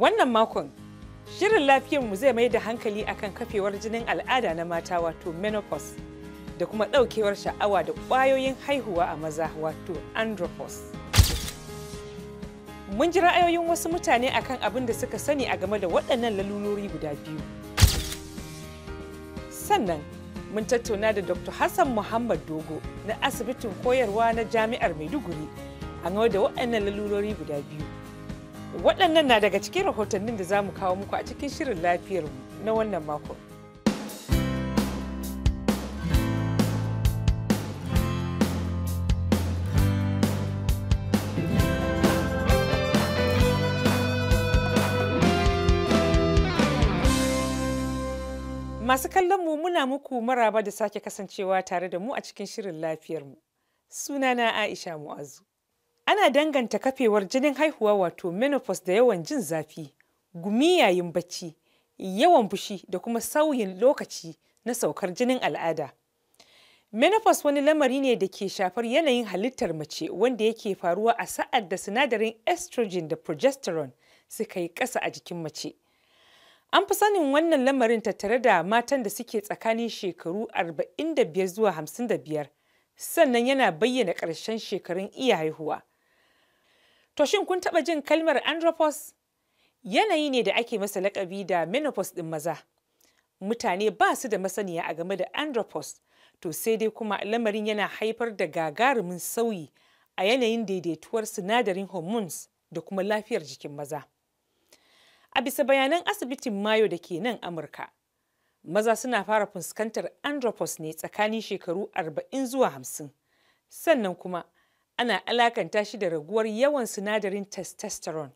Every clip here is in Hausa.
Wannan makon shirin lafiyar mu zai mai da hankali akan kafewar jinin al'ada na mata wato menopause da kuma ɗaukewar sha'awa da ƙwayoyin haihuwa a maza wato andropause. Mun ji ra'ayoyin wasu mutane akan abin da suka sani a game da waɗannan lalurori guda biyu. Sannan mun tattauna da Dr. Hassan Muhammad Dogo na asibitin koyarwa na Jami'ar Maiduguri a game da waɗannan lalurori guda biyu. waɗannan na daga cikin rahotannin da za mu kawo muku a cikin shirin mu na wannan mako. Masu kallon mu muna muku maraba da sake kasancewa tare da mu a cikin shirin lafiyar lafiyarmu. Sunana Aisha Mu'azu. Ana danganta kafewar jinin haihuwa wato menopause da yawan jin zafi, gumi yayin bacci, yawan fushi da kuma sauyin lokaci na saukar jinin al'ada. Menopause wani lamari ne da ke shafar yanayin halittar mace wanda yake faruwa a sa'ad da sinadarin estrogen da progesterone suka yi ƙasa a jikin mace. An fi sanin wannan lamarin tattare da matan da suke tsakanin shekaru 45 zuwa 55, sannan yana bayyana ƙarshen shekarun iya haihuwa. To shin kun taɓa jin kalmar andropos Yanayi ne da ake masa laƙabi da menopause ɗin maza. Mutane ba su da masaniya a game da andropos to sai dai kuma lamarin yana haifar da gagarumin sauyi a yanayin daidaituwar sinadarin hormones da kuma lafiyar jikin maza. A bisa bayanan asibitin Mayo da ke nan Amurka, maza suna fara fuskantar andropos ne tsakanin shekaru 40 zuwa 50. Sannan kuma, ana alakanta shi da raguwar yawan sinadarin testosterone.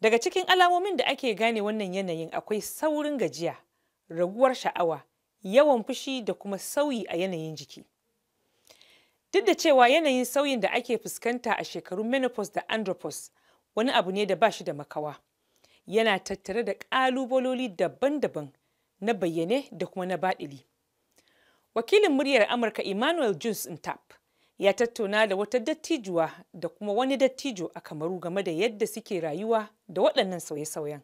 Daga cikin alamomin da ake gane wannan yanayin akwai saurin gajiya, raguwar sha'awa, yawan fushi da kuma sauyi a yanayin jiki. Duk da cewa yanayin sauyin da ake fuskanta a shekarun menopause da andropause wani abu ne da ba shi da makawa. Yana tattare da ƙalubaloli daban-daban na bayyane da kuma na baɗili. Wakilin muryar Amurka Emmanuel Jones Ntap ya tattauna da wata dattijuwa da kuma wani dattijo a kamaru game da yadda suke rayuwa da waɗannan sauye-sauyen.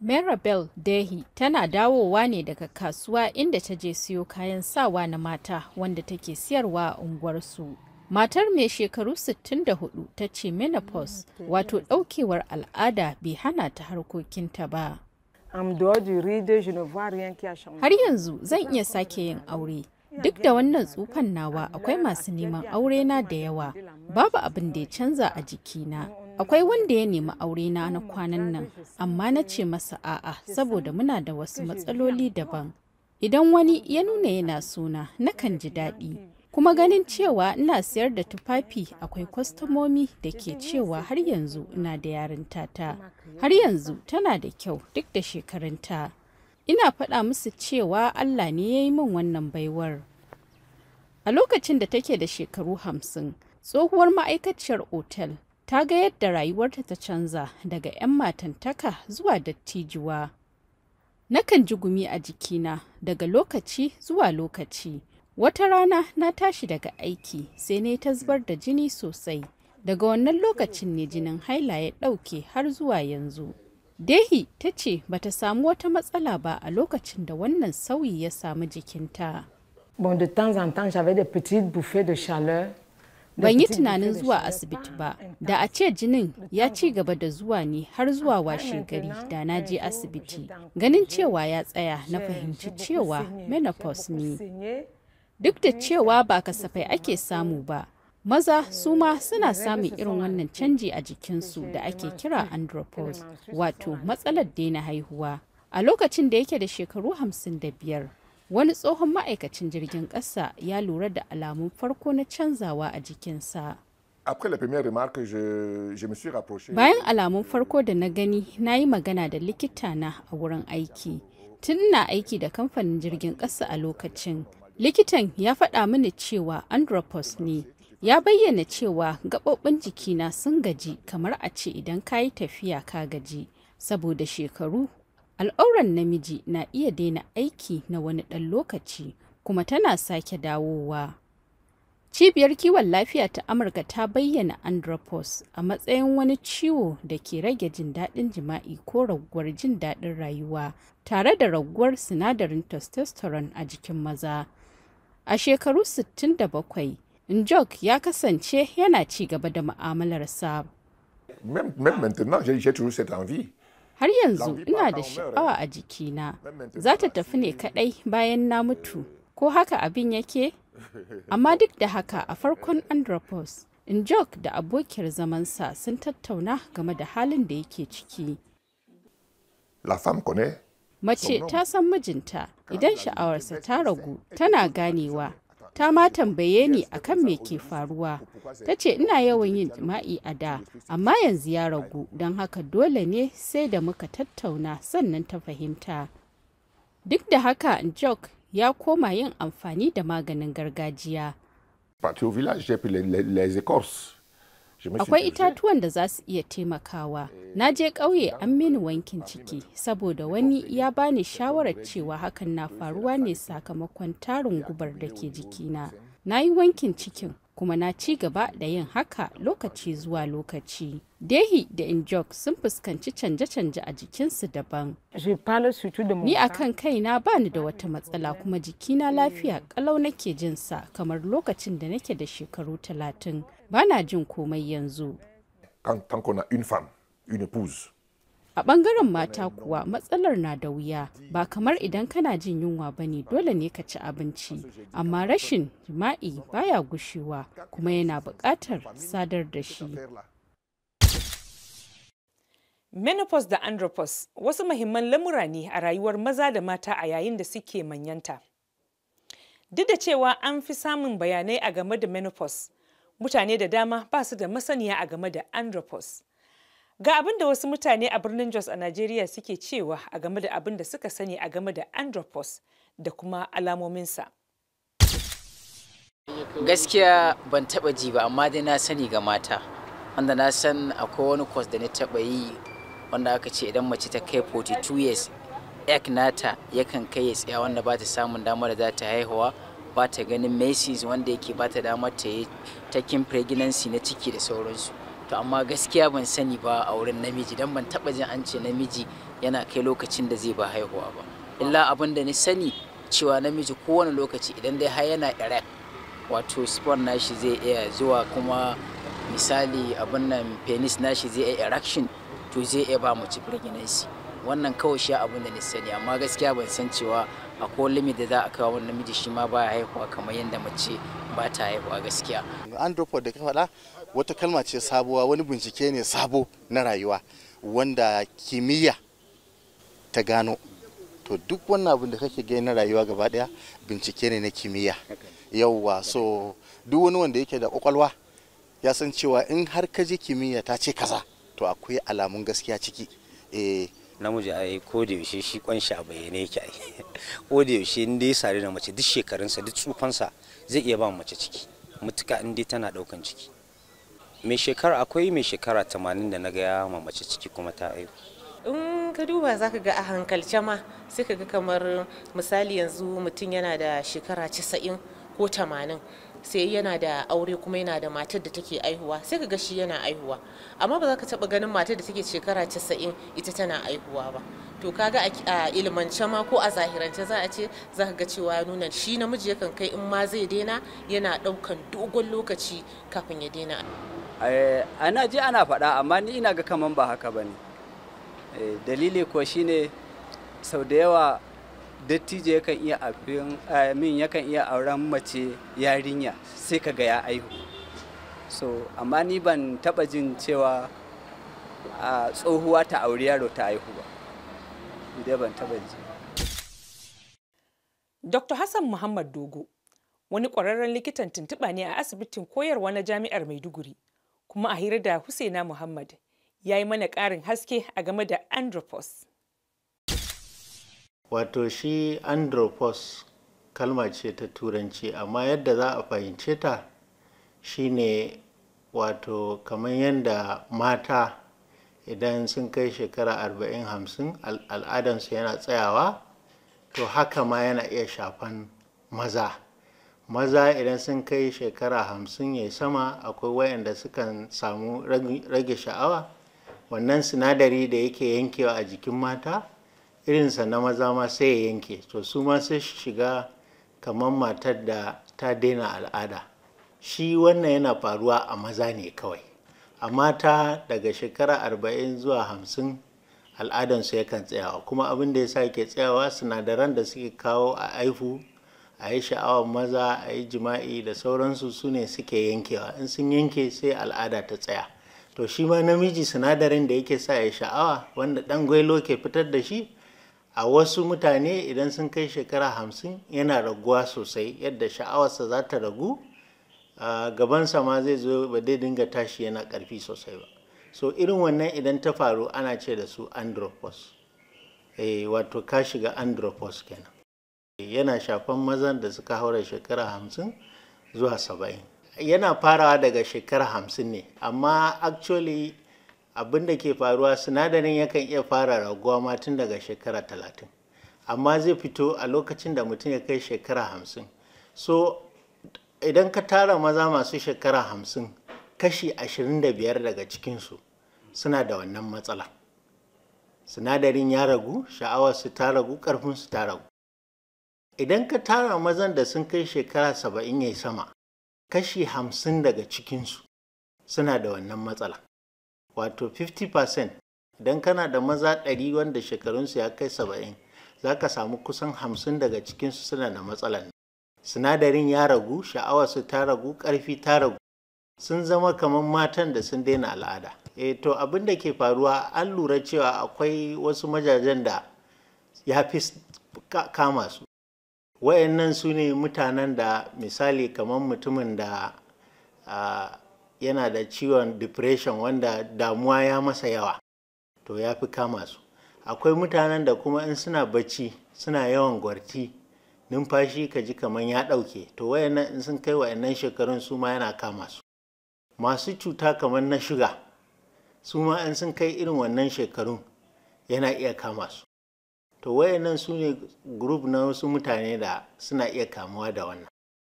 Marabel Dehi tana dawowa ne daga kasuwa inda ta je siyo kayan sawa na mata wanda take siyarwa a unguwarsu. Matar mai shekaru 64 ta ce menopause mm, wato ɗaukewar al'ada bai hana ta harkokinta ba. Har yanzu zan iya sake yin aure. Duk da wannan tsufan nawa akwai masu neman aure na da yawa. Babu abin da ya canza a jikina. Akwai wanda ya nemi aure na na kwanan nan, amma na ce masa a'a saboda muna da wasu matsaloli daban. Idan wani ya nuna yana suna, nakan ji daɗi. kuma ganin cewa ina siyar da tufafi akwai kwastomomi da ke cewa har yanzu ina da yarinta ta har yanzu tana da kyau duk da shekarunta ina faɗa musu cewa allah ne ya yi min wannan baiwar a lokacin da take da shekaru hamsin tsohuwar ma'aikaciyar otel ta ga yadda rayuwarta ta canza daga 'yan matantaka zuwa dattijuwa nakan ji gumi a jikina daga lokaci zuwa lokaci wata rana na tashi daga aiki sai na ta zubar da jini sosai daga wannan lokacin ne jinin haila ya ɗauke har zuwa yanzu dehi ta ce ba ta samu wata matsala ba a lokacin da wannan sauyi ya samu jikinta ta. ban yi tunanin zuwa asibiti ba da a ce jinin ya ci gaba da zuwa ne har zuwa washe gari da na je asibiti ganin cewa ya tsaya na fahimci cewa menopause ne duk da cewa ba kasafai ake samu ba maza su ma suna samun irin wannan canji a jikinsu da ake kira andropause wato matsalar daina haihuwa a lokacin da yake da shekaru 55 wani tsohon ma'aikacin jirgin ƙasa ya lura da alamun farko na canzawa a jikinsa bayan alamun farko da na gani na yi magana da likitana a wurin aiki tun na aiki da kamfanin jirgin ƙasa a lokacin likitan ya faɗa mini cewa andropos ne ya bayyana cewa gaɓoɓin jikina sun gaji kamar a ce idan ka yi tafiya ka gaji saboda shekaru al'auran namiji na iya daina aiki na wani ɗan lokaci kuma tana sake dawowa cibiyar kiwon lafiya ta amurka ta bayyana andropos a matsayin wani ciwo da ke rage jin daɗin jima'i ko raguwar jin daɗin rayuwa tare da raguwar sinadarin testosterone a jikin maza A shekaru 67, Njok ya kasance yana ci gaba da sa. Har yanzu ina da sha'awa a jikina, za ta tafi ne kaɗai bayan na mutu, ko haka abin yake? Amma duk da haka a farkon Andropos, Njok da abokiyar zamansa sun tattauna game da halin da yake ciki. La femme connaît Mace ta san mijinta idan sha'awarsa ta ragu tana ganewa. Ta ma tambaye ni akan me ke faruwa. Ta ce ina yawan yin jima'i a da, amma yanzu ya ragu don haka dole ne sai da muka tattauna sannan ta fahimta. Duk da haka jok ya koma yin amfani da maganin gargajiya. akwai itatuwan da za su iya taimakawa na je ƙauye an mini wankin ciki saboda wani ya bani shawarar cewa hakan na faruwa ne sakamakon tarin gubar da ke jikina na yi wankin cikin kuma na ci gaba da yin haka lokaci zuwa lokaci. Dehi da Injok sun fuskanci canje-canje a jikinsu daban. Ni a kan kaina ba ni da wata matsala kuma jikina lafiya kalau nake jinsa kamar lokacin da nake da shekaru talatin. Ba na jin komai yanzu. Quand, tanko na une a ɓangaren mata kuwa matsalar na da wuya ba kamar idan kana jin yunwa ba ne dole ne ka ci abinci amma rashin jima'i baya gushewa kuma yana buƙatar sadar da shi menopause da andropause wasu mahimman lamura ne a rayuwar maza da mata a yayin da suke manyanta duk da cewa an fi samun bayanai a game da menopause mutane da dama ba su da masaniya a game da andropause Ga abin da wasu mutane a birnin Jos a Najeriya suke cewa a game da abin da suka sani a game da Andropos da kuma alamominsa. Gaskiya ban taba ji ba amma dai na sani ga mata. Wanda na san akwai wani kwas da na taba yi wanda aka ce idan mace ta kai 42 years ek nata yakan kai ya tsaya wanda ba ta samun damar da za ta haihuwa ba ta ganin Macy's wanda yake ba ta damar ta yi takin pregnancy na ciki da sauransu. to amma gaskiya ban sani ba a wurin namiji dan ban taba jin an ce namiji yana kai lokacin da zai ba haihuwa ba illa abin da ni sani cewa namiji kowane lokaci idan dai har yana erect wato sperm nashi zai iya zuwa kuma misali abin nan penis nashi zai iya erection to zai iya ba mace pregnancy wannan kawai shi abin da ni sani amma gaskiya ban san cewa akwai limit da za a kawo wa namiji shi ma baya haihuwa kamar yadda mace ba ta haihuwa gaskiya an da ka faɗa wata kalma ce sabuwa wani bincike ne sabo na rayuwa wanda kimiyya ta gano to duk wannan abin da kake gani na rayuwa gaba daya bincike ne na kimiyya yauwa so duk wani wanda yake da kwakwalwa ya san cewa in har ka je kimiyya ta ce kaza to akwai alamun gaskiya ciki eh namiji a yi da yaushe shi kwanshi a bayyane yake a yi da yaushe in dai sare da mace duk shekarunsa duk tsufansa zai iya ba mace ciki mutuka in dai tana daukan ciki mai shekara akwai mai shekara tamanin da na ga ya mace ciki kuma ta aihu in ka duba za ka ga a hankalce ma sai ka ga kamar misali yanzu mutum yana da shekara casa'in ko tamanin sai yana da aure kuma yana da matar da take aihuwa sai ka ga shi yana aihuwa amma ba za ka taba ganin matar da take shekara casa'in ita tana aihuwa ba to kaga a ilimance ma ko a zahirance za a ce za ka ga cewa nuna shi namiji yakan kai in ma zai daina yana daukan dogon lokaci kafin ya daina Eh, ana ji ana faɗa amma ni ina ga kaman ba haka ba ne eh, dalili ko shine sau da yawa dattijo yakan iya afin eh, min yakan iya auren mace yarinya sai ka ga ya aihu so amma ni ban taba jin cewa tsohuwa ta auri yaro ta aihu ba idan ban taba ji Dr. Hassan Muhammad Dogo wani ƙwararren likitan tuntuɓa ne a asibitin koyarwa na jami'ar Maiduguri kuma a hira da Husaina Muhammad ya yi mana ƙarin haske a game da andropos. Wato shi andropos kalma ce ta turanci amma yadda za a fahimce ta shine wato kamar yadda mata idan sun kai shekara arba'in hamsin al'adansu yana tsayawa to haka ma yana iya shafan maza. maza idan sun kai shekara hamsin ya sama akwai wayanda sukan samu rage sha'awa wannan sinadari da yake yankewa a jikin mata irinsa na maza ma sai ya yanke to su ma sai shiga kamar matar da ta daina al'ada shi wannan yana faruwa a maza ne kawai a mata daga shekara arba'in zuwa hamsin al'adansu yakan tsayawa kuma abin da ya sa ke tsayawa sinadaran da suke kawo a aihu a yi sha'awar maza a yi jima'i da sauransu su ne suke yankewa in sun yanke sai al'ada ta tsaya to shi ma namiji sinadarin da yake sa ya sha'awa wanda ɗan gwailo ke fitar da shi a wasu mutane idan sun kai shekara hamsin yana raguwa sosai yadda sha'awarsa za ta ragu gabansa ma zai zo ba dai dinga tashi yana karfi sosai ba so irin wannan idan ta faru ana ce da su andropos eh wato ka shiga andropos kenan yana shafan mazan da suka haura shekara hamsin zuwa saba'in yana farawa daga shekara hamsin ne amma actually abin da ke faruwa sinadarin yakan iya fara raguwa ma tun daga shekara talatin amma zai fito a lokacin da mutum ya kai shekara hamsin so idan ka tara maza masu shekara hamsin kashi ashirin da biyar daga cikinsu suna da wannan matsala sinadarin ya ragu sha'awar su ta ragu ƙarfinsu su ta ragu Idan ka tara mazan da sun kai shekara saba'in ya sama, kashi hamsin daga cikinsu suna da wannan matsala. Wato 50% idan kana da maza ɗari wanda shekarunsu ya kai saba'in, za ka samu kusan hamsin daga cikinsu suna da matsalan. Sinadarin ya ragu, sha'awarsu ta ragu, ƙarfi ta ragu. Sun zama kamar matan da sun daina al'ada. E to abin da ke faruwa an lura cewa akwai wasu majajen da ya fi kama su. wayannan su ne mutanen da misali kamar mutumin da yana da ciwon depression wanda damuwa ya masa yawa to ya fi kama su akwai mutanen da kuma in suna bacci suna yawan gwarti numfashi ka ji kamar ya ɗauke to wayannan in sun kai wayannan shekarun su ma yana kama su masu cuta kamar na shuga su ma in sun kai irin wannan shekarun yana iya kama su to wayannan su ne group na wasu mutane da suna iya kamuwa da wannan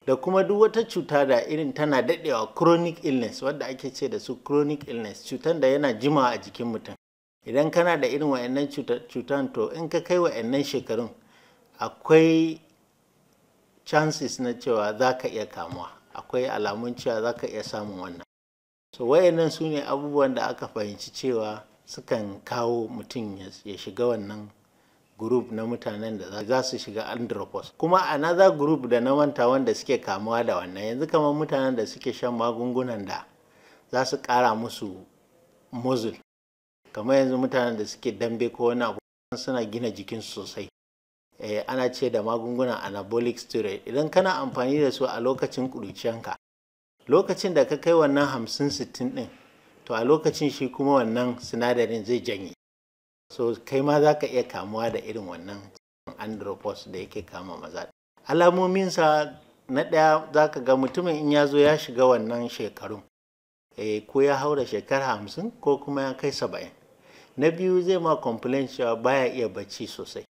da kuma duk wata cuta da irin tana daɗewa chronic illness wadda ake ce da su chronic illness cutan da yana jimawa a jikin mutum idan kana da irin wayannan cutan to in ka kai wayannan shekarun akwai chances na cewa za ka iya kamuwa akwai alamun cewa za ka iya samun wannan so wayannan su ne abubuwan da aka fahimci cewa sukan kawo mutum ya shiga wannan group na mutanen da za su shiga andropos kuma another group da na manta wanda suke kamuwa da wannan yanzu kamar mutanen da suke shan magungunan da za su kara musu muzul kamar yanzu mutanen da suke dambe ko wani abu suna gina jikin sosai e, ana ce da magungunan anabolic steroid idan kana amfani da su a lokacin kuduciyanka lokacin da ka kai wannan hamsin sittin din to a lokacin shi kuma wannan sinadarin zai janye so kai ma za ka iya kamuwa da irin wannan andropos da yake kama maza alamominsa na ɗaya za ka ga mutumin in ya zo ya shiga wannan shekarun e, ko ya haura shekara hamsin ko kuma ya kai saba'in na biyu zai ma complain cewa baya iya bacci sosai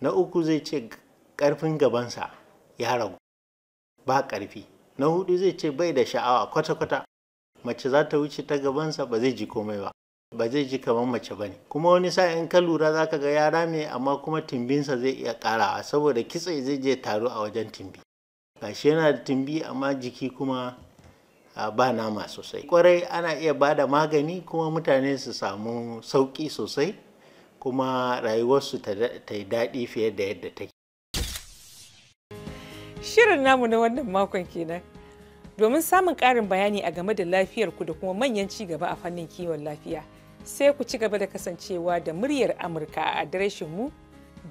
na uku zai ce ƙarfin gabansa ya ragu ba ƙarfi na hudu zai ce bai da sha'awa kwata-kwata mace za ta wuce ta gabansa ba zai ji komai ba ba zai ji kamar mace ba ne kuma wani sa in ka lura za ka ga ya rame amma kuma timbinsa zai iya karawa saboda kitse zai je taro a wajen timbi gashi yana da timbi amma jiki kuma ba nama sosai kwarai ana iya ba da magani kuma mutane su samu sauƙi sosai kuma rayuwarsu ta yi daɗi fiye da yadda take shirin namu na wannan makon kenan domin samun ƙarin bayani a game da lafiyarku da kuma manyan ci gaba a fannin kiwon lafiya sai ku ci gaba da kasancewa da muryar Amurka a adireshinmu mu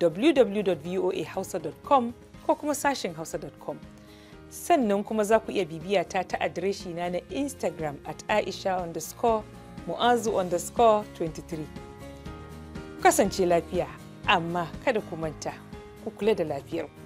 www.voahausa.com ko kuma sashen hausa.com. Sannan kuma za ku iya bibiya ta ta adireshi na na Instagram at Aisha underscore Mu'azu underscore 23. Kasance lafiya, amma kada ku manta, ku kula da lafiyarku.